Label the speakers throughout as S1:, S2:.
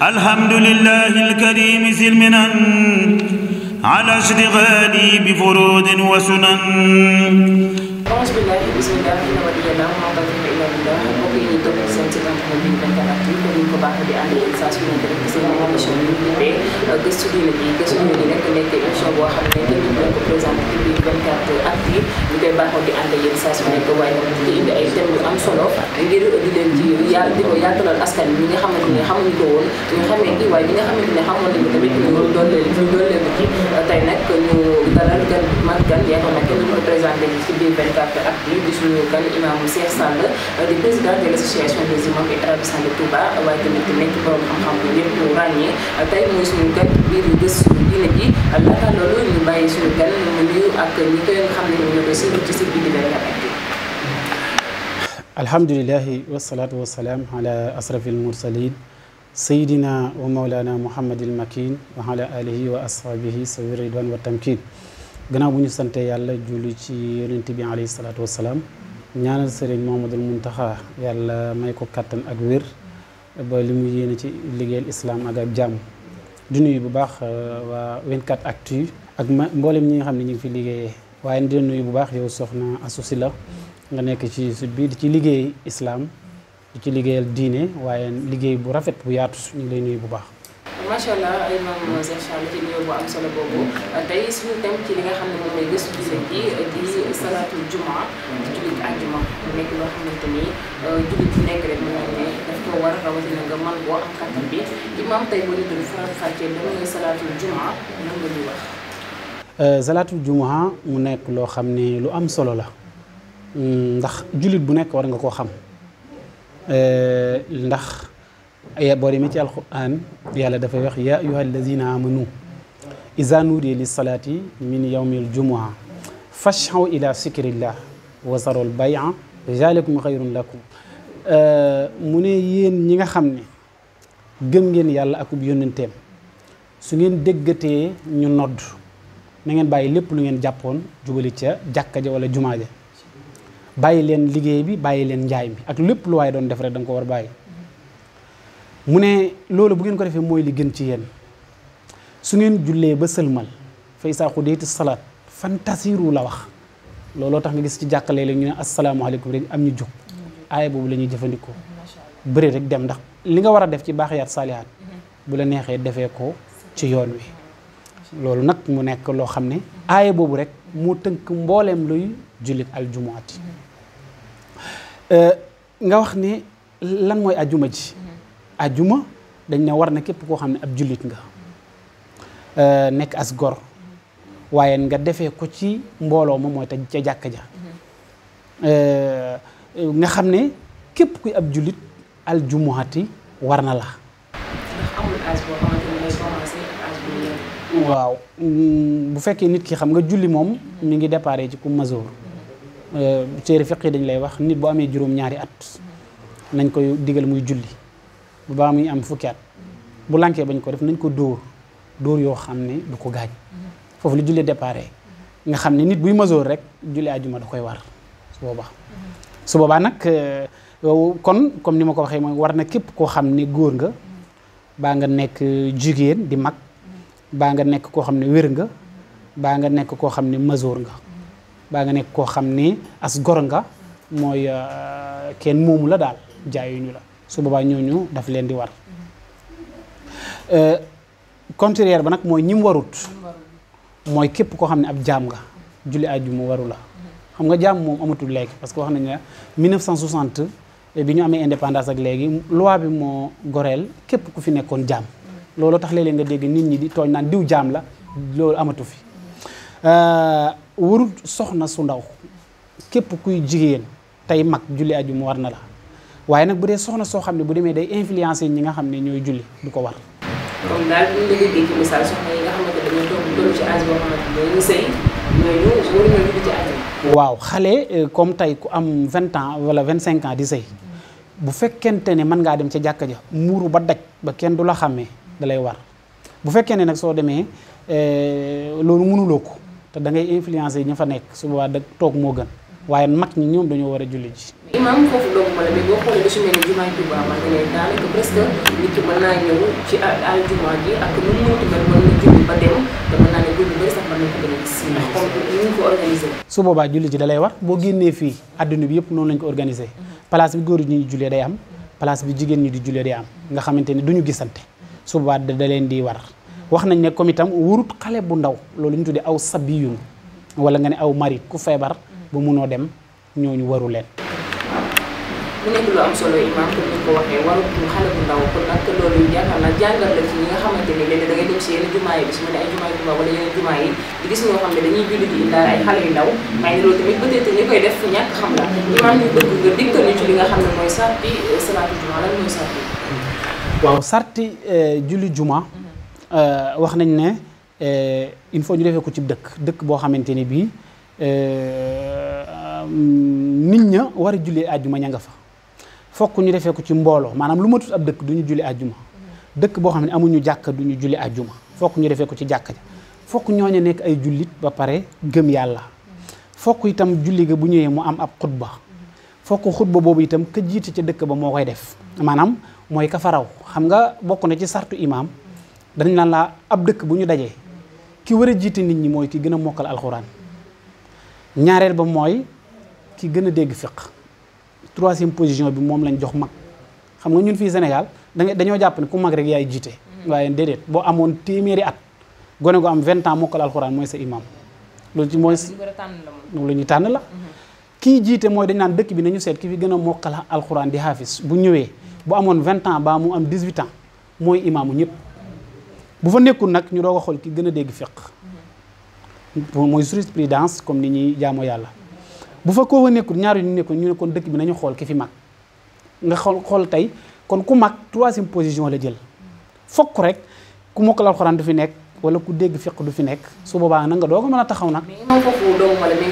S1: alhamdulillahi alkarimi silminan ala ishtighali bi furudin wa sunan
S2: bismillahi bismillahi wa ila billah mbokk yi topp seen ci internet bi 24actu baax di ànd yéen saa su nekk rek si moom émission bi ñu tuddee euh, gëstu diine bi gëstu diine bi nekk nekk émission boo xam ne kenn duñ leen ko présenté ci biir 24 ak yi ñu koy baaxoo di ànd yéen saa su nekk waaye nag di solo ngir di leen ci yaa di ko yaatalal askan bi ñi nga xamante ne xamuñu ko woon ñu xamee ci waaye ñi nga xamante ne ñu doon leen doon leen ci euh, tey nag ñu dalal gan mag gan yaakaar naa kenn duñ ci biir 24 ak yi di suñu gan imaamu Cheikh Sall euh, di président de l' association des imams et arabes de Touba waaye xamante ne ci borom xam-xam bu ñëpp ràññee tey muy suñu gan biir gëstu diine ji laata loolu ñu bàyyi suñu gan mu nuyu ak ñi koy nga xam ne ñu ko siiru ci si biir Dakaractu
S1: alhamdulilahi wasalaatu wasalaam ala asrafi almursalin sayidina wa maulana muhammadil makin wa ala alihi wa ashabihi sawi ridwan wa tamkin gannaaw bu ñu sante yàlla julli ci yonent bi alayhi salaatu wasalaam ñaanal sëriñ Mouhamadul Muntaxa yàlla may ko kattan ak wér ba li mu yéene ci liggéeyal islam ak ak jàmm di nuyu bu baax euh, waa 24 actu ak ma mboolem ñi nga xam ne ñu ngi fi liggéeyee waaye di nuyu bu baax yow soxna Astou Sylla nga nekk ci sud bi di ci liggéey islam di ci liggéeyal diine waaye liggéey bu rafet bu yaatu ñu ngi lay nuyu bu baax. rawatina nga euh, mu nekk loo xam ne lu am solo la hmm, ndax jullit bu nekk war nga koo xam euh, ndax boo demee ci alquran yàlla dafay wax ya ayuha alladina amanu iza nudiya li salaati min yawmi aljumaa fashaw ila sikrillah wa zarul bay'a zalikum xayrun lakum Euh, mu ne yéen ñi nga xam ne gëm ngeen yàlla akub yónnenteem su ngeen déggatee ñu nodd na ngeen bàyyi lépp lu ngeen jàppoon jubali ca jàkka ja wala jumaa ja bàyyi leen liggéey bi bàyyi leen njaay mi ak lépp lu waaye doon def rek da nga ko war bàyyi mu ne loolu bu ngeen ko defee mooy li gën ci yéen su ngeen jullee ba sëlmal fay saa xudeeti salaat fantasiru la wax looloo tax nga gis ci jàkka léeg-léeg ñu ne asalaamaaleykum rek am ñu jóg aaya boobu lañuy jëfandikoo bëri rek dem ndax li nga war a def ci baaxiyaat saalihaat bu la neexee defee ko ci yoon wi loolu nag mu nekk loo xam ne aaya boobu rek mu tënk mbooleem luy jullit aljumuati euh, nga wax ne lan mooy ajuma ji ajuma dañ ne war na képp koo xam ne ab jullit nga euh, nekk as gor waaye nga defee ko ci mbooloo ma mooy te ca jàkka ja mm-hmm. euh, nga xam ne képp kuy ab jullit aljumuhati war na la. waaw mm, bu fekkee nit ki xam nga julli moom mu ngi déparé ci ku masoor euh, téere fiq dañ lay wax nit bu amee juróom-ñaari at nañ koy digal muy julli bu baax muy am fukki at bu lankee bañ ko def nañ ko dóor dóor yoo xam ne du ko gaañ foofu la julli déparé nga xam ne nit buy masoor rek julli àjjuma da koy war su boobaa su boobaa nag euh, kon comme ni ma ko waxee mooy war na képp koo xam ne góor nga baa nga nekk jigéen di mag baa nga nekk koo xam ne wér nga baa nga nekk koo xam ne masoor nga baa nga nekk koo xam ne as gor nga mooy euh, kenn moomu la daal jaayuñu la su boobaa ñooñu daf leen di war euh, contraire ba nag mooy ñim warut mooy képp koo xam ne ab jaam nga julli àjjuma waru la xam nga jàmm moom amatul léegi parce que wax nañu ne 1960 bi ñu amee indépendance ak léegi loi bi moo goreel képp ku fi nekkoon jàmm loolu tax léeg-léeg nga dégg nit ñi di tooñ naan diw jàmm la loolu amatu fi euh, warul soxna su ndaw képp kuy jigéen tey mag julli aju mu war na la waaye nag bu dee soxna soo xam ne bu demee day influencer ñi nga xam ne ñooy julli du ko war. waaw xale euh, comme tey ku am vingt ans wala vingt cinq ans di sëy bu fekkente ne mën ngaa dem ca jàkka ja muuru ba daj ba kenn du la xàmmee da lay war bu fekkee ne nag soo demee euh, loolu mënuloo ko te da ngay influencer ñu fa nekk su boobaa da toog moo gën waaye mag ñi ñoom dañoo war a julli ji.
S2: imaam foofu presque nit mën naa ñëw ci àjjuma ji ak nu mu mënti mel mën na julli ba dem.
S1: su boobaa julli ci dalay war boo génnee fii àdduna bi yëpp noonu lañ ko organisé place bi góor ñi jullee day am place bi jigéen ñi di jullee day am nga xamante ni duñu gisante su boobaa da leen di war wax nañ ne comme itam wurut xale bu ndaw loolu ñu tuddee aw sabiyun wala nga ne aw marit ku feebar ba munoo dem ñooñu waru leen
S2: mu nekk lu am solo imaam comme ni ko waxee warul xale bu ndaw kon nag loolu yaakaar naa jàngal la ci ñi nga xamante ni léegi dem si yenn jumaa yi bi su ma ne ay jumaa yi di gis ne dañuy julli di indaale euh, jumaa
S1: euh, mm-hmm. euh, wax nañ ne il faut ñu defee ko ci dëkk dëkk boo xamante ni bii nit ña war a julli àjjuma ña nga fa fokk ñu defee ko ci mbooloo maanaam lu matut ab dëkk du ñu julli àjjuma dëkk boo xam ne amuñu jàkk du ñu julli àjjuma fokk ñu defee ko ci jàkk ja fokk ñooñu nekk ay jullit ba pare gëm yàlla fokk itam julli ga bu ñëwee mu am ab xutba fokk xutba boobu itam ka jiite ca dëkk ba moo koy def maanaam mooy ka faraw xam nga bokk na ci sartu imaam danañ naan laa ab dëkk bu ñu dajee ki war a jiite nit ñi mooy ki gën a mokkal alxuraan ñaareel ba mooy ki gën a dégg fiq troisième position bi moom lañ jox mag xam nga ñun fii Sénégal danga dañoo jàpp ne ku mag rek yaay jiite mm-hmm. waaye déedéet boo amoon téeméeri at gone gu am vingt ans mokkal alxuraan mooy sa imam loolu ci mooy lu ñu tànn la mm-hmm. kii jiite mooy dañ naan dëkk bi nañu seet ki fi gën a mokkal alxuraan di xaafis bu ñëwee bu amoon vingt ans baa mu am dix huit ans mooy imaamu ñëpp bu fa nekkul nag ñu doo a xool ki gën a dégg fiq mm-hmm. mooy jurisprudence comme ni ñuy jaamoo yàlla bu fa koo fa nekkul ñaar ñu nekkul ñu ne kon dëkk bi nañu xool ki fi mag nga xool xool tey kon ku mag troisième position la jël fokk rek ku mokkal alxuraan du fi nekk wala ku dégg fiq du fi nekk su boobaa na nga doog a mën a taxaw
S2: nag. mais man foofu doomu nga xam euh, ne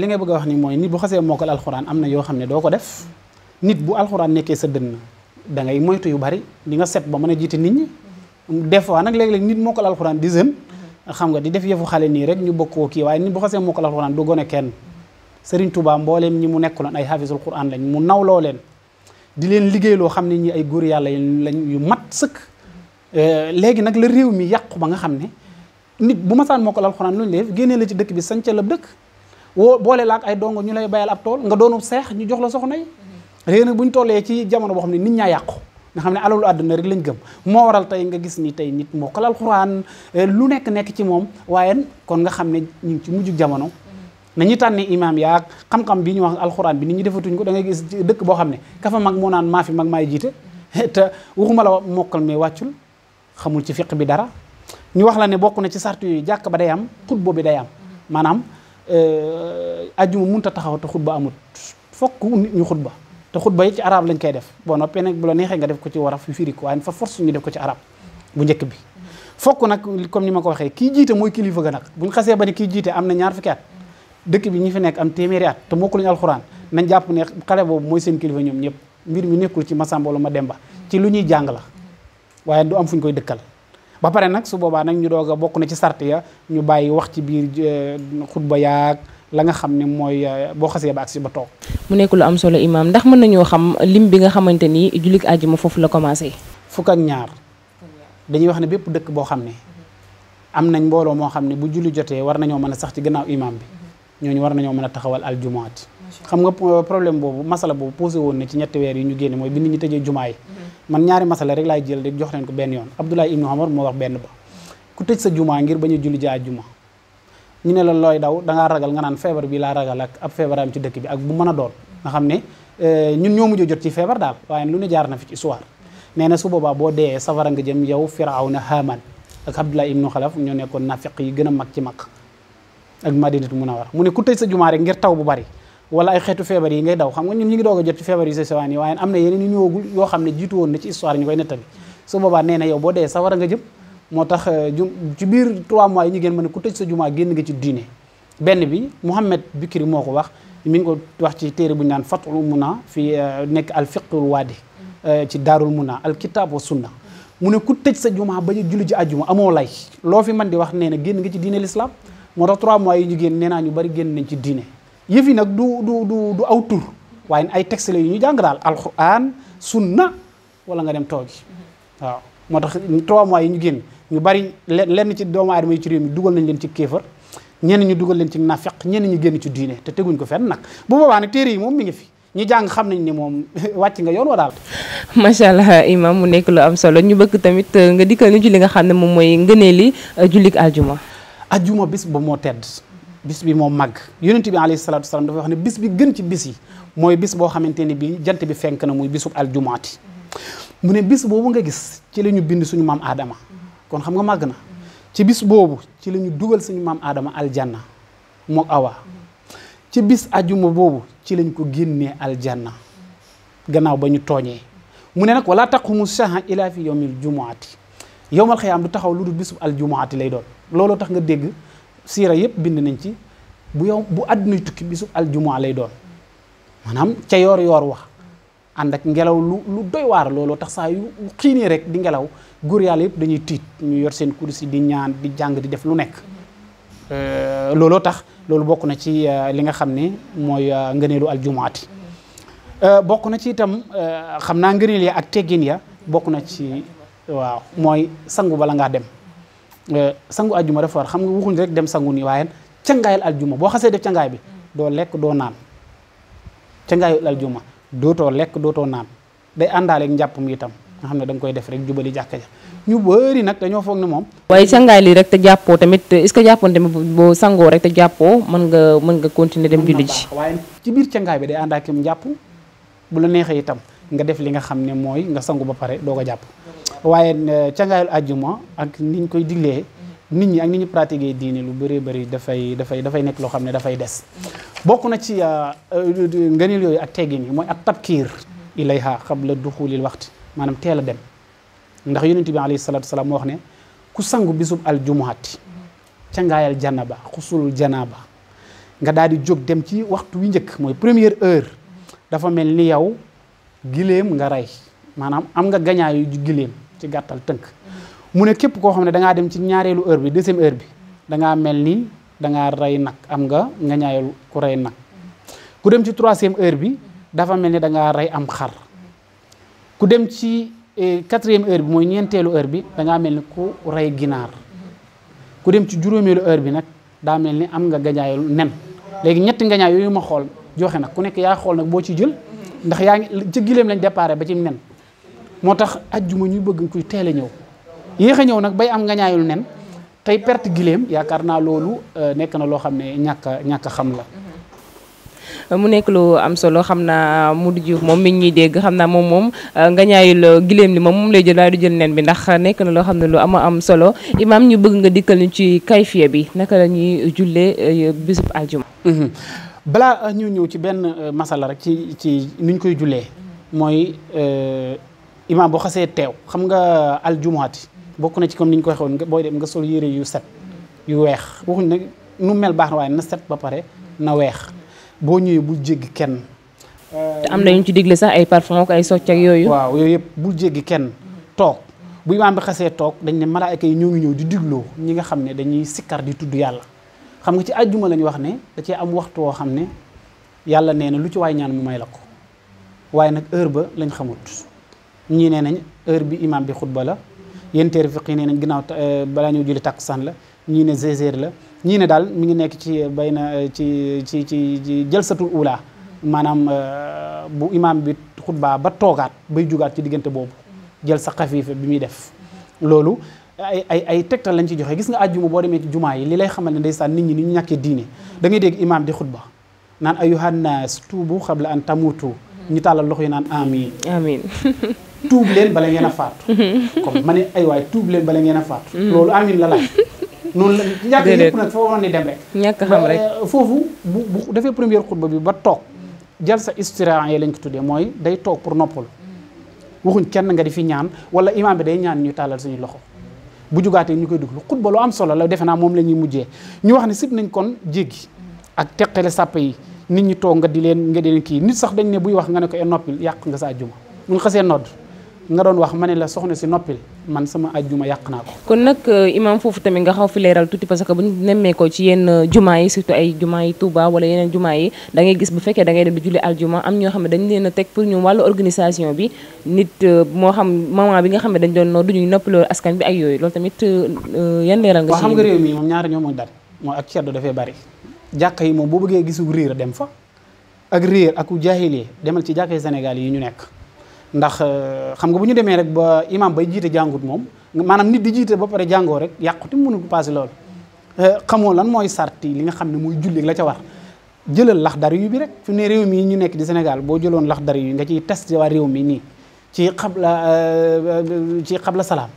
S1: li nga bëgg a ni mooy nit xasee mokkal alxuraan am na yoo xam ne doo ko def nit bu alxuraan nekkee sa dënn da ngay moytu yu bari di nga set ba mën a jiite nit ñi des fois nag léeg-léeg nit mokkal alxuraan di jeune xam nga di def yëfu xale nii rek ñu bokkoo kii waaye nit bu xasee mokkal alxuraan du gone kenn Serigne Touba mbooleem ñi mu nekkuloon ay xaafisul quran lañ mu nawloo leen di leen liggéeyloo xam ne ñi ay góor yàlla lañ yu mat sëkk euh, léegi nag la réew mi yàqu ba nga xam ne nit bu masaan mokkal alxuraan lu ñu def génnee la ci dëkk bi sañca la dëkk woo boole la ay dongo ñu lay bayal ab tool nga doonu seex ñu jox la soxna léegi nag bu ñu tollee ci jamono boo xam ne nit ñaa yàqu nga xam ne alalu àdduna rek lañ gëm moo waral tey nga gis ni tey nit mokkal alxuraan eh, lu nekk nekk ci moom waaye kon nga xam ne ñu ngi ci mujjug jamono nañu tànne imaam yaag xam-xam bi ñu wax alxuraan bi nit ñi defatuñ ko da ngay gis dëkk boo xam ne kafa mag moo naan maa fi mag maay jiite te waxuma la mokkal mais wàccul xamul ci fiq bi dara ñu wax la ne bokk na ci sart yooyu jàkk ba day am xutba bi day am maanaam eh, ajjuma munta taxaw te xutba amut fokk nit te xutba yi ci araab lañ koy def boo noppee nag bu la neexee nga def ko ci waraf yu firi ko waaye fa force ñu def ko ci arab bu njëkk bi fokk nag comme ni ma ko waxee kii jiite mooy kilifa ga nag buñ xasee ba ne ki jiite am na ñaar fukki at dëkk bi ñu fi nekk am téeméeri at te mokku lañu alxuraan nañ jàpp ne xale boobu mooy seen kilifa ñoom ñëpp mbir mi nekkul ci masamba wala ma demba ci lu ñuy jàng la waaye du am fu ñu koy dëkkal ba pare nag su boobaa nag ñu doog bokk na ci sart ya ñu bàyyi wax ci biir eh, xutba yaag la nga xam ne mooy euh, boo xasee ba agsi ba toog.
S2: mu nekk lu am solo imaam ndax mën nañoo xam lim bi nga xamante ni jullit àjjuma foofu la commencé. fukk ak ñaar
S1: dañuy wax ne bépp dëkk boo xam ne am nañ mbooloo moo xam ne bu julli jotee war nañoo mën a sax ci gannaaw imaam bi ñu war nañoo mën a taxawal aljumaat. xam nga euh, problème boobu masala boobu posé woon na ci weer yu ñu génne mooy bi nit ñi tëjee jumaa yi mhm. man ñaari masala rek laay jël rek jox leen ko benn yoon Abdoulaye Ibnu Omar moo wax benn ba mhm. ku tëj sa jumaa ngir bañ a julli ji àjjuma ñu ne la looy daw da ragal nga naan feebar bi laa ragal ak ab feebaraam ci dëkk bi ak bu mën a doon nga xam ne eh, ñun ñoo mujj jot ci feebar daal waaye lu ne jaar na fi ci histoire nee na su boobaa boo dee safara nga jëm yow firawna Haamaan ak Abdullah ibnu Xalaf ñoo nekkoon nafiq yi gën a mag ci mag ak Madinatul Munawwara mu ne ku tëj sa jumaa ngir taw bu bari wala ay xeetu feebar yi ngay daw xam nga ñun ñu ngi doog a jot ci feebar yu sa sewaan xam ne jiitu woon na ci histoire ñu koy nettali su boobaa nee na yow boo dee safara nga jëm moo tax euh, ju ci biir trois mois yi ñu gën ma ne ku tëj sa jumaa génn ngi ci diine benn bi Mouhamed Bikri moo ko wax mi ngi ko wax ci téere bu ñu naan fatul muna fi euh, nekk al fiqhul waadi euh, ci daarul muna al kitab wa sunna mu ne ku tëj sa jumaa bañ a julli ci àjjuma amoo lay loo fi man di wax nee na génn nga ci diine l'islam moo tax mois yi ñu génn nee naa ñu bari génn nañ ci diine yëf nag du du du du aw tur waaye ay texte la yu ñu jàng daal alquran sunna wala nga dem toogi waaw moo tax trois mois yi ñu génn ñu bari lenn ci doomu aadama yi ci réew mi dugal nañ leen ci kéefar ñenn ñu dugal leen ci nafeq ñenn ñu génn ci diine te teguñ ko fen nag bu boobaa nag téere yi moom mi ngi fi ñu jàng xam nañ ne moom wàcc nga yoon wa daal.
S2: macha allah imam mu nekk lu am solo ñu bëgg tamit euh, nga dikkal ñu ci li nga xam ne moom mooy li ngëneeli euh, jullik aljuma.
S1: aljuma bis ba moo tedd bis bi moom màgg yonent bi alayhi salaatu wasalaam dafa wax ne bis bi gën ci bis yi mooy bis boo xamante ne bii jant bi fenk na muy bisub aljumaati mu ne bis boobu nga gis ci la ñu bind suñu maam Aadama. kon xam nga màgg na ci bis boobu ci lañu dugal suñu maam aadama aljanna mook awa ci bis ajuma boobu ci lañ ko génnee aljanna gannaaw ba ñu tooñee mu ne nag wala taqumu saha ila fi yowmil jumuati yowmal xiyaam du taxaw lu dul bisub aljumuati lay doon looloo tax nga dégg siira yëpp bind nañ ci bu yow bu àdduna tukki bisub aljumaa lay doon maanaam ca yoor yoor wax ànd ak ngelaw lu lu doy waar looloo tax saa yu xiinee rek di ngelaw góor yàlla yëpp dañuy tiit ñu yor seen kursi di ñaan di jàng di def lu nekk mm-hmm. euh, looloo tax loolu bokk na ci euh, li nga xam ne mooy euh, ngëneelu aljumaati mm-hmm. bokk na ci itam xam naa ngëneel ya ak teggin ya bokk na ci waaw mooy sangu bala ngaa dem sangu aljuma dafa war xam nga waxuñ rek dem sangu nii waaye cangaayal aljuma boo xasee def cangaay bi mm-hmm. doo lekk doo naan cangaayal aljuma dootoo lekk dootoo naan day àndaaleeg njàpp mi itam nga xam ne da koy def rek jubali jàkka ja ñu bëri nag dañoo foog ne moom.
S2: waaye sangaay lii rek te jàppoo tamit est que jàppoon tamit boo sangoo rek te jàppoo mën nga mën nga continuer dem. julli ji
S1: waaye ci biir cangaay bi day ànd ak mu jàpp bu la neexee itam nga def li nga xam ne mooy nga sangu ba pare doo ko jàpp waaye eh, cangaayul àjjuma ak niñ koy diglee. nit ñi ak nit ñi pratiquer diine lu bëree bëri dafay dafay dafay nekk loo xam ne dafay des bokk na ci euh, ngëneel yooyu ak teggin yi mooy ak tabkiir ilayha qabla duxulil waxti maanaam teel a dem ndax yonent bi alayhi salatu wasalaam moo wax ne ku sangu bisub al jumuhati cangaayal ba janaba xusulul ba nga daal di jóg dem ci waxtu wi njëkk mooy première heure dafa mel ni yow giléem nga rey maanaam am nga gañaayu giléem ci gàttal tënk mu ne képp koo xam ne dangaa dem ci ñaareelu heure bi deuxième heure bi dangaa mel ni dangaa rey nag am nga nga ku rey nag ku dem ci troisième heure bi dafa mel ni dangaa rey am xar ku dem ci eh, quatrième heure bi mooy ñeenteelu heure bi dangaa mel ni ku rey ginaar ku dem ci juróomeelu heure bi nag daa mel ni am nga gañaayu nen léegi ñetti gañaay yooyu ma xool joxe nag ku nekk yaa xool nag boo ci jël ndax yaa ngi ci gileem lañ déparé ba ci nen moo tax ajjuma ñuy bëgg kuy teel a ñëw yéex a ñëw nag bay am nga nen tey perte giléem yaakaar naa loolu euh, nekk na loo xam ne ñàkk a xam la.
S2: Euh, mu nekk lu am solo xam naa Modou Diouf moom mi ñuy dégg xam naa moom moom euh, nga ñaayul gileem li moom moom lay jël waaye du jël nen bi ndax nekk na loo xam ne lu ama am solo imaam ñu bëgg nga dikkal ñu ci kayfiya bi naka la ñuy jullee bisub aljuma. Mhm. balaa ñëw
S1: ci benn masala rek ci ci nuñ koy jullee mooy imaam boo xasee teew xam nga aljumaati bokk na ci comme ni ñu ko waxoon nga dem nga sol yére yu set yu weex waxuñ nag nu mel baax waaye na set ba pare na weex boo ñëwee bul jéggi kenn.
S2: te am na ci digle sax ay parfum ak ay yooyu. waaw yooyu yëpp bul
S1: jéggi kenn toog bu imaam bi xasee toog dañ ne malaayka yi ñëw ngi ñëw di digloo ñi nga xam ne dañuy sikkar di tudd yàlla xam nga ci àjjuma lañu wax ne da cee am waxtu woo xam ne yàlla nee na lu ci waay ñaan mu may la ko waaye nag heure ba lañ xamut ñii nee nañ heure bi imaam bi xutba la. yéen téere fiq yi nee nañ ginnaaw euh, balaa ñuy julli takkusaan la ñii ne zézéer la ñii ne daal mi ngi nekk ci euh, bay na euh, ci ci ci jalsatul ula maanaam bu imaam bi xutbaa ba toogaat bay jugaat ci diggante boobu jël sa xafiifa bi muy def loolu ay ay ay tegtal lañ ci joxe gis nga àjjuma boo demee ci jumaa yi li lay xamal ne ndeysaan nit ñi ni ñu ñàkkee diine da ngay dégg imaam di xutba naan ayuhan naas bu xabla an tamutu ñu tàllal loxo yi naan amin tuub leen bala ngeen a faatu. Mhm. comme ma ne ay waay tuub leen bala ngeen a faatu. Mhm. loolu amin la la noonu la ñàkk yëpp nag foo waroon ni dem ñàkk xam rek euh, foofu bu bu defee première xutba bi ba toog jal sa istiraa yi lañ ko tuddee mooy day toog pour noppal waxuñ kenn nga di fi ñaan wala imaam day ñaan ñu tàllal suñu loxo. bu jugaatee ñu koy duglu xutba lu am solo la defe naa moom la ñuy mujjee ñu wax ne sib nañ kon jéggi ak teqale sàpp yi nit ñi toog nga di leen nga di kii nit sax dañ ne buy wax nga ne ko e yàq nga sa juma mun xasee nodd nga doon wax ma ne la soxna si noppil man sama ajjuma yàq naa ko.
S2: kon nag euh, imaam foofu tamit nga xaw fi leeral tuuti parce que bu ñu nemmee ko ci yenn euh, juma yi surtout ay jumaa yi Touba wala yeneen jumaa yi da ngay gis bu fekkee da ngay dem di julli aljuma am ñoo xam ne dañ leen a teg pour ñu wàllu organisation bi nit euh, moo xam moment bi nga xam ne dañ doon du ñuy noppaloo askan bi ak yooyu loolu tamit yan leeral nga. si nga réew mi
S1: moom ñaari ñoo mooy dal mooy ak ceddo dafay bari jàkka yi moom boo bëggee gisu riir dem fa ak riir ak jaahiliya demal ci jàkka Sénégal yi ñu nekk ndax euh, xam nga bu ñu demee rek ba imam bay jiite jàngut moom maanaam nit di jiite ba pare jàngoo rek yàquti mënul passé loolu euh, xamoo lan mooy sarti li nga xam ne muy julli la ca war jëlal lax dar yu bi rek fi ne réew mi ñu nekk di Sénégal boo jëloon lax dar yu nga ciy testé waa réew mi nii ci la euh, ci xabla salaam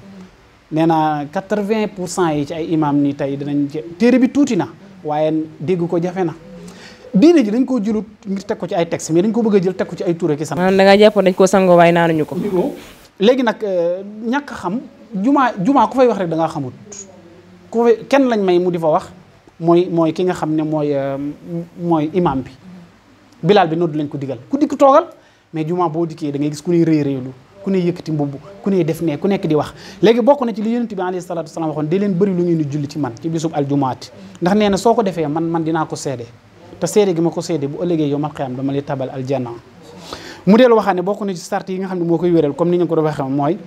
S1: nee na quatre-vingt pour cent yi ci ay imam nii tey dinañ téere bi tuuti na waaye dégg ko jafe na diine ji dañ koo jëlut ngir teg ko ci ay texte mais dañ ko bëgg a jël teg ko ci ay tuure ki sam maanaam da nga jàppoon dañ koo sangoo waaye naanuñu ko léegi nag euh, ñàkk xam jumaa jumaa ku fay wax da ngaa xamut ku fay lañ may mu di fa wax mooy mooy ki nga xam ne mooy euh, mooy imam bi bilaal bi nodd ko digal ku dikk toogal boo dikkee da ngay gis ku ne rëy rëylu ku ne yëkkati mbubb ku ne def ne ku nekk di wax léegi bokk na ci li yonent bi alayhi salaatu wasalaam waxoon di leen bëri lu ngeen di ci man ci bisub aljumaati ndax nee na soo ko defee man man dinaa ko seede te seede gi ma ko seede bu ëllëgee yow mal xiyaam dama lay tabal aljanna mu dellu waxaat ne bokk na ci sart yi nga xam ne moo koy wéral comme ni ñu ko doon waxee mooy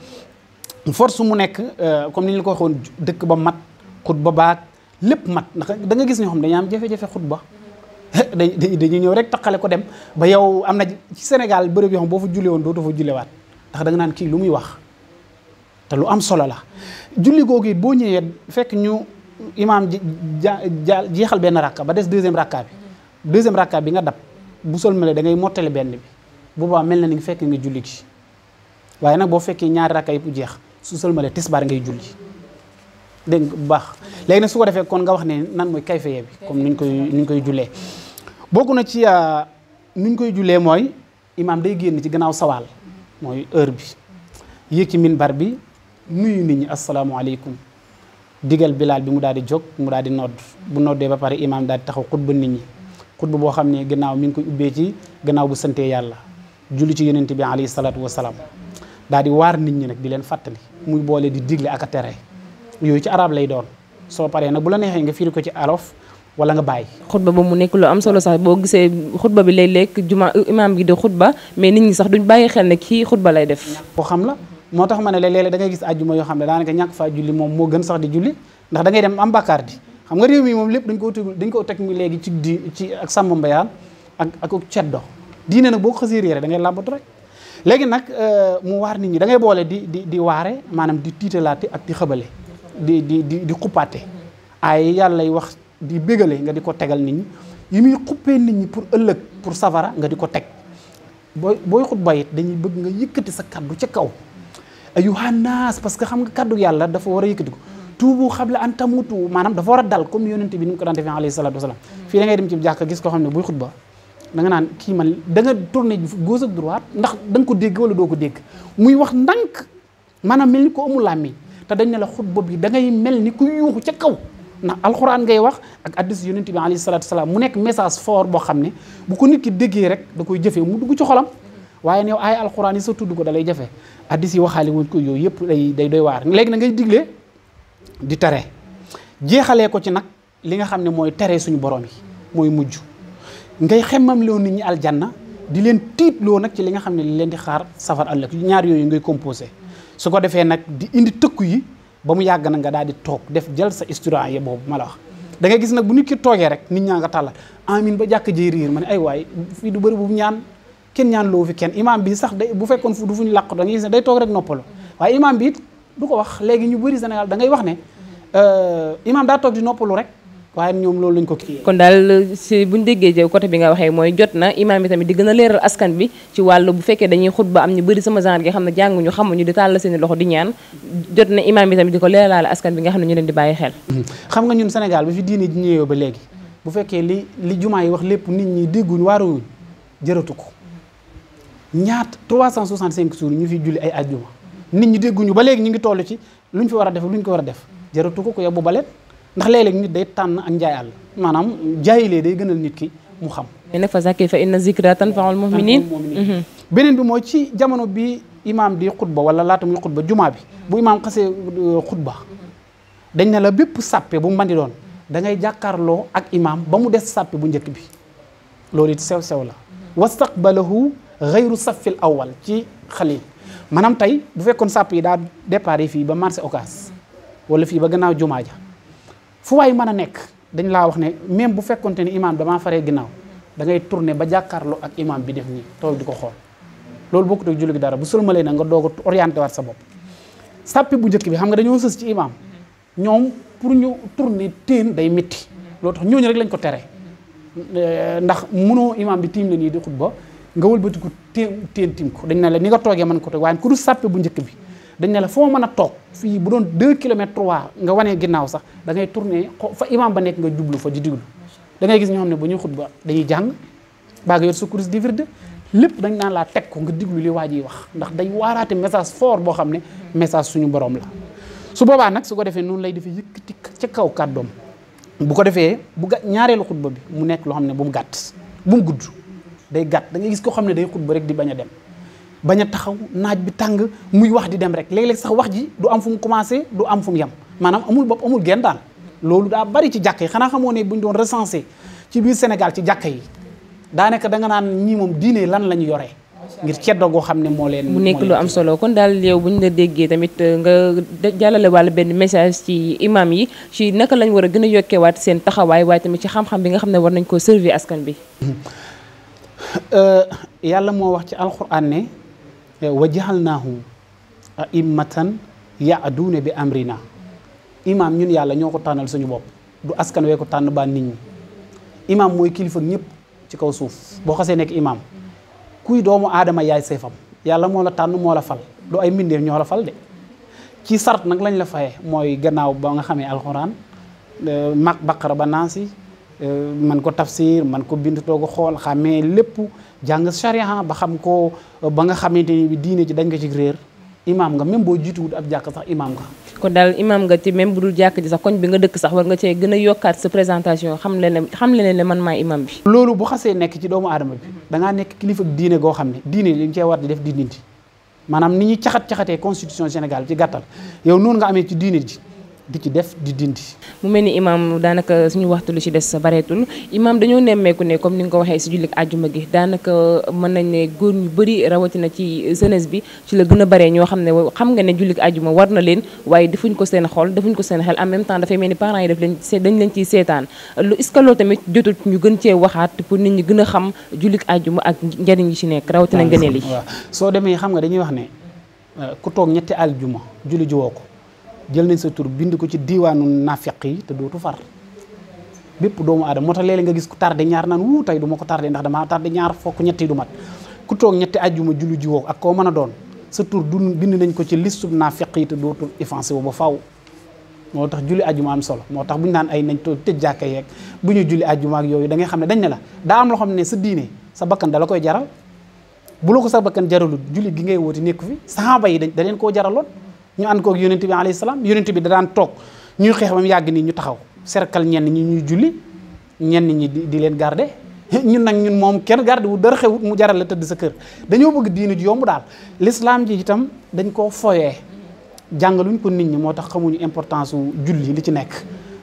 S1: force mu nekk euh, comme ni ñu la ko waxoon dëkk ba mat ba baat lépp mat ndax da nga gis ñoo xam dañu am jafe-jafe xutba dañuy dañuy ñëw rek taqale ko dem ba yow am na ci Sénégal bërëb yoo xam boo fa julli woon dootoo fa jullewaat ndax da naan kii lu muy wax te lu am solo la. julli googu it boo ñëwee fekk ñu imaam ji jeexal benn rakka ba des deuxième rakka bi. deuxième rakka bi nga dab bu solmale da ngay mottale benn bi boobaa mel na ni fekk nga julli gi waaye nag boo fekkee ñaari rakka yi bu jeex su solmale tisbaar ngay julli dégg nga bu baax léegi nag su ko defee kon nga wax ne nan mooy kayfeye bi comme nuñ koy nuñ koy jullee bokk na ci ah, nuñ koy jullee mooy imaam day génn ci gannaaw sawaal mooy heure bi yéeg ci minbar bi nuyu nit ñi asalaamaaleykum digal bilaal bi mu daal di jóg mu daal di nodd bu noddee ba pare imaam daal taxaw taxaw xutba nit ñi xutba boo xam ne gannaaw mi ngi koy ubbee ci gannaaw bu santee yàlla julli ci yonent bi alayhi salaatu wasalaam daal di waar nit ñi nag bi leen fàttali muy boole di digle ak a tere yooyu ci arab lay doon soo paree nag
S2: bu la neexee nga firi ko ci alof wala nga bàyyi. xutba ba mu nekk lu am solo sax boo gisee xutba bi lay lekk juma imaam gi di xutba mais nit ñi sax duñ bàyyi xel ne kii xutba lay def. ko xam la
S1: moo tax ma ne léeg-léeg da ngay gis àjjuma yoo xam ne daanaka ñàkk faa julli moom moo gën sax di julli ndax da dem am di xam nga réew mii moom lépp dañ koo teg dañ koo teg mi léegi ci di ci ak sàmm mbayaan ak ak ceddo diine nag boo ko xasee réere da làmbatu rek léegi nag euh, mu waar nit ñi dangay ngay boole di di di waare maanaam di tiitalaate ak di xëbale di di di di xuppaate ay yàlla wax di bégale nga di ko tegal nit ñi yi muy xuppee nit ñi pour ëllëg pour safara nga di ko teg booy booy xutba bayit dañuy bëgg nga yëkkati sa kaddu ca kaw ayuha naas parce que xam nga kaddu yàlla dafa war a yëkkati tuubu xabla an tamutu maanaam dafa war a dal comme yonent bi ni mu ko daan mm. fii da gis koo xam ne buy xutba da naan kii man da nga tourné gauche ak droite ndax da nga ko dégg wala doo ko muy wax ndànk maanaam mel ni ko amul làmmiñ te dañ ne la xutba bi da ngay mel ni ku yuuxu ca kaw ndax alxuraan ngay wax ak addis yonent bi alayhi salaatu wasalaam mu nekk message fort boo xam ne bu ko nit ki déggee rek da koy jëfe mu dugg ci xolam waaye new ay alxuraan yi sa tudd ko da lay jafe addis yi waxaale wuñ ko yooyu yëpp day day doy waar léegi na ngay diglee di tere jeexalee ko ci nag li nga xam ne mooy tere suñu borom yi mooy mujj ngay xemmam loo nit ñi aljanna di leen tiitloo nag ci li nga xam ne li leen di xaar safar ëllëg ñaar yooyu ngay composé su ko defee nag di indi tëkku yi ba mu yàgg na nga daal di toog def jël sa isturant yi boobu ma la wax da ngay gis nag bu nit ki toogee rek nit ñaa nga tàllal amin ba jàkk jëy riir ma ne ay waay fii du bëri bu ñaan kenn ñaan loo fi kenn imam bi sax day bu fekkoon fu du fuñu làq da ngay gis ne day toog rek noppalu waaye imam bi it du ko wax léegi ñu bëri Sénégal da ngay wax ne euh, imaam daa toog di
S2: noppalu rek waaye ñoom loolu lañ ko kii kon daal si buñ déggee jëw côté bi nga waxee mooy jot na imaam bi tamit di gën a leeral ci wàllu bu fekkee dañuy xutba am ñu bëri sama genre gi xam ne jànguñu xamuñu di tàll seeni loxo di ñaan jot na imaam bi tamit di ko leeralaale askan bi nga xam ne ñu leen di bàyyi xel xam nga
S1: ñun Sénégal bi fi diine ji ñëwee ba léegi bu fekkee li li jumaa yi wax lépp nit ñi dégguñ waaruwuñ jëratu ko ñaat 365 jours ñu fi julli ay ajjuma nit ñi dégguñu ba léegi ñu ngi toll ci lu ñu fi war a def lu ñu ko war a def jaratu ko ku yebbu ba leen ndax léeg-léeg nit day tànn ak njaay àll maanaam jaayilee day gënal nit ki mu xam
S2: mais nag fa zakir fa inna
S1: zikra tanfaul beneen bi mooy ci jamono bi imaam di xutba wala laata muy xutba jumaa bi bu imaam xasee euh, xutba dañ ne la bépp sàppe bu mën di doon da ngay jàkkaarloo ak imaam ba mu des sàppe bu njëkk bi loolu it sew-sew la wastaqbalahu gayru safil awal ci xalil maanaam tey bu fekkoon sàpp yi daa départ fii ba marché Ocass wala fii ba gannaaw jumaa ja fu waay mën a nekk dañ laa wax ne même bu fekkonte ne imaam damaa faree ginnaaw da ngay tourné ba jàkkaarloo ak imaam bi def nii toog di ko xool loolu bokkut ak julli gi bu sëlmalee na nga doog waat sa bopp sàppi bu njëkk bi xam nga dañoo sës ci imaam ñoom pour ñu tourné teen day métti loolu tax ñooñu rek lañ ko tere ndax mënoo imaam bi tiim la nii di ba nga wëlbatiku téen téentim ko dañ ne la ni nga toogee man ko toog waaye ku sàppe bu njëkk bi dañ ne la foo mën a toog fii bu doon 2 kilomètres 3 nga wanee ginnaaw sax da ngay tourné fa imam ba nekk nga jublu fa di diglu da ngay gis ñoo xam ne bu ñuy xutba dañuy jàng baa nga yor sa kuris di virde lépp dañ naan laa teg ko nga diglu li waa jiy wax ndax day waaraate message fort boo xam ne message suñu borom la su boobaa nag su ko defee noonu lay defee yëkkati ca kaw kàddoom bu ko defee bu ga ñaareelu xutba bi mu nekk loo xam ne bu mu gàtt bu gudd day gàtt da ngay gis koo xam ne day xutba rek di bañ a dem bañ a taxaw naaj bi tàng muy wax di dem rek léeg-léeg sax wax ji du am fu mu commencé du am fu mu yem maanaam amul bopp amul genn loolu daa bari ci jàkka yi xanaa xamoo ne bu ñu doon recensé ci biir Sénégal ci jàkka yi daanaka da naan
S2: ñii moom diine lan la ñu yoree ngir ceddo goo xam ne moo leen mu nekk lu am solo kon daal yow bu ñu la déggee tamit euh, nga jàllale wàll benn message ci imam yi ci naka lañ war a gën a yokkewaat seen taxawaay waaye tamit ci xam-xam bi nga xam ne war nañ koo servir askan bi
S1: Euh, yàlla moo wax ci alquran ne wa jaxalnaahum aimmatan yaaduuna bi amrina imaam ñun yàlla ñoo ko tànnal suñu bopp du askan wee tànn baa nit ñi imaam mooy kilifa ñëpp ci kaw suuf boo xasee nekk imaam kuy doomu aadama yaay seefam yàlla moo la tànn moo la fal du ay mbindeef ñoo la fal de ci sart nag lañ la faye mooy gannaaw ba nga xamee alxuraan euh, maq baqara ba naasi Euh, man ko tafsir man ko bind too ko xool xàmmee lépp jàng charia ba xam ko euh, ba nga xamante ni bi diine ci dañ ko ci réer imaam nga même boo jiituwut ab jàkk sax imaam nga
S2: kon daal imaam nga ci même bu dul jàkk ji sax koñ bi nga dëkk sax war nga cee gën a yokkaat sa présentation xam leen xam leen ne man maa imaam bi loolu bu xasee nekk ci doomu adama bi
S1: da ngaa nekk kilifa diine goo xam ne diine li ñu cee def di dindi maanaam ni ñuy caxat-caxatee constitution Sénégal ci gàttal yow noonu amee ci diine ji di ci def di dindi. mu mel ni imaam
S2: daanaka suñu waxtu lu ci des bareetul imaam dañoo nemmeeku ne comme ni nga ko waxee si jullit àjjuma gi daanaka mën nañ ne góor ñu bëri rawatina ci jeunesse bi ci la gën a bare ñoo xam ne xam nga ne jullit àjjuma war na leen waaye defuñ ko seen xol defuñ ko seen xel en même temps dafay mel ni parents yi daf leen dañ leen ciy seetaan lu est-ce que loolu tamit jotul ñu gën cee waxaat pour nit ñi gën a xam jullit àjjuma ak njariñ yi ci nekk rawatina ngëneel yi. waaw soo demee xam nga dañuy wax ne euh, ku toog
S1: ñetti àjjuma julli ji woo ko jël nañ sa tur bind ko ci diiwaanu nafiq yi te dootu far bépp doomu aadama moo tax léeg-léeg nga gis ku tardé ñaar naan wuu tey du ko tardé ndax damaa tardé ñaar fokk ñetti du mat ku toog ñetti ajjuma julli ji woo ak koo mën a doon sa tur du bind nañ ko ci listub nafiq yi te dootu effacé wu ba faw moo tax julli ajjuma am solo moo tax bu ñu naan ay nañ toog tëj jàkka yeeg bu ñu julli ajjuma ak yooyu da ngay xam ne dañ ne la daa am loo xam ne sa diine sa bakkan dala koy jaral bu la ko sa bakkan jaralul julli gi ngay woote nekku fi saxaaba yi dañ da koo jaraloon ñu ànd kook yonent bi alayhi salaam yonent bi da daan toog ñuy xeex ba mu yàgg nii ñu taxaw serkal ñenn ñi ñuy julli ñenn ñi di leen garde ñun nag ñun moom kenn garde wu dara xew mu jaral la tëdd sa kër dañoo bëgg diine ji yomb daal l'islam ji itam dañ koo foyee jàngaluñ ko nit ñi moo tax xamuñu importance wu julli li ci nekk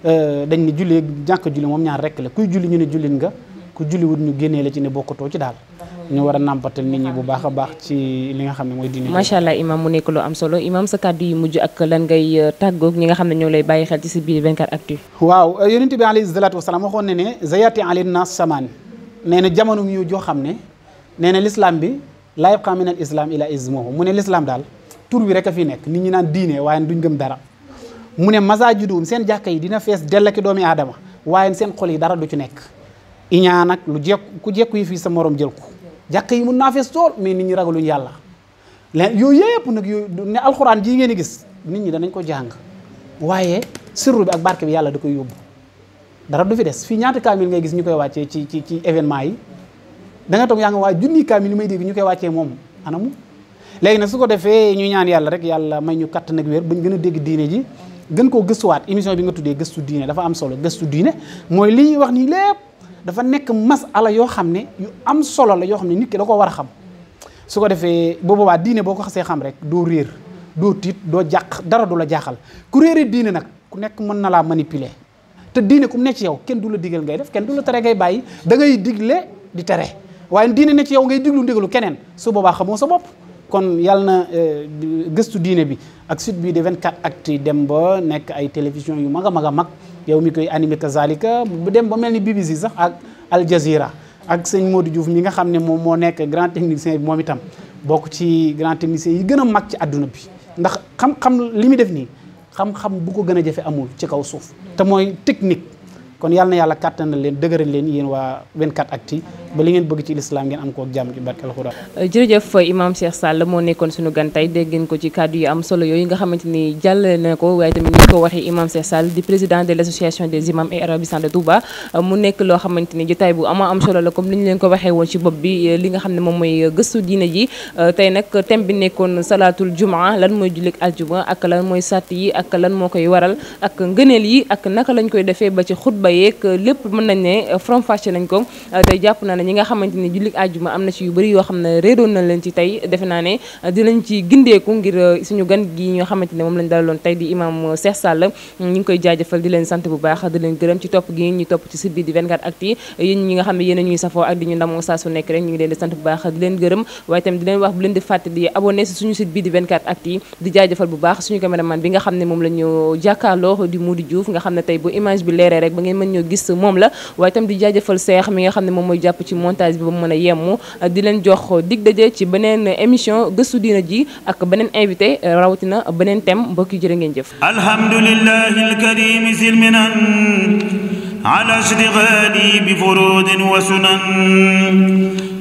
S1: euh, dañ ne julli jànk julli moom ñaar rekk la kuy julli ñu ne jullin nga ku julliwut ñu génnee la ci ne bokkatoo ci daal ñu war a nàmpatal nit ñi bu baax a baax ci li nga xam ne mooy diine macha
S2: allah imam mu nekk lu am solo imam sa kàddu yi mujj ak lan ngay euh, tàggoog ñi nga xam ne ñoo lay bàyyi xel si biir 24 actu waaw
S1: euh, yonente bi alayhi salaatu wasalaam waxoon ne ne zayati alin nas samaan nee na jamono ñu joo xam ne nee na l'islam bi laa yabqa min al islam ila ismuhu mu ne l'islam daal tur wi rek a fi nekk nit ñi naan diine waaye duñ gëm dara mu ne um seen jàkka yi dina fees dellaki doomi aadama waaye seen xol yi dara du ci nekk iñaan nag lu jekku ku jekku yi fii sa moroom jël ko jàkk yi mun naa fees tool mais nit ñi ragaluñ yàlla leen yooyu yëpp nag yooyu ne alxuraan jii ngeen di gis nit ñi danañ ko jàng waaye sirru bi ak barke bi yàlla da koy yóbbu dara du fi des fii ñaata kaamil ngay gis ñu koy wàccee ci ci ci événement yi da nga toog yaa nga waaye junni kaamil yi may dégg ñu koy wàccee moom anamu léegi nag su ko defee ñu ñaan yàlla rek yàlla may ñu kattan ak wér bañ gën a dégg diine ji gën koo gëstuwaat émission bi nga tuddee gëstu diine dafa am solo gëstu diine dafa nekk mas masala yoo xam ne yu am solo la yoo xam ne nit ki da ko war a xam su ko defee bu boobaa diine boo ko xasee xam rek doo réer doo tiit doo jàq dara du la jaaxal ku réere diine nag ku nekk mën na laa manipuler te diine ku ne ci yow kenn du la digal ngay def kenn du la tere ngay bàyyi da ngay digle di tere waaye diine ne ci yow ngay diglu ndigalu keneen su boobaa xamoo sa bopp kon yal na eh, gëstu diine bi ak site bi de 24 actu dem ba nekk ay télévision yu mag a mag a mag yow mi koy animé kazalika bu dem ba mel ni BBC sax ak Al ak sëñ Modou Diouf mi nga xam ne moom moo nekk grand technicien bi moom itam bokk ci grand technicien yi gën a mag ci àdduna bi ndax xam-xam li muy def nii xam-xam bu ko gën a jafe amul ci kaw suuf te mooy technique kon yàlla na yàlla kàttanal leen dëgëral leen yéen waa 24actu ba li ngeen bëgg ci lislaam ngeen am ko ak jàmm
S2: ci nga xamante ni jàllale na ko waaye tamit ni ko waxee Imam Cheikh Sall di président de l' association des imams et arabisants de Touba mu nekk loo xamante ni jotaay bu ama am solo la comme li ñu leen ko waxee woon ci bopp bi li nga xam ne moom mooy gëstu diine ji tey nag thème bi nekkoon salaatul jumaa lan mooy jullik aljuma ak lan mooy sàtt yi yeeg lépp mën nañ ne faram-fàcce nañ ko tey jàpp naa ne ñi nga xamante ni jullit àjjuma am na ci yu bëri yoo xam ne réeroon na leen ci tey defe naa ne dinañ ci gindeeku ngir uh, suñu gan gi di imam uh, Cheikh Sall ñu nga xam ne yéen a ñuy safoo ak di ñu ndamoo saa su nekk rek ñu ngi leen sant bu baax di leen gërëm waaye tamit di leen wax bu leen di fàtte di abonné suñu site bi di 24 actu yi di jaajëfal bu baax suñu caméraman bi nga xam ne moom la ñu jàkkaarloo di Modou Diouf mën ñoo gis moom la waaye itam di jaajëfal seex mi nga xam ne moom mooy jàpp ci montage bi ba mu mën a yemm di leen jox dig daje ci beneen émission gëstu diina ji ak beneen invité rawatina beneen thème mbokk yi jërë ngeen jëf
S1: alhamdulillahi alkarim silminan ala ishtighali bi furudin wa sunan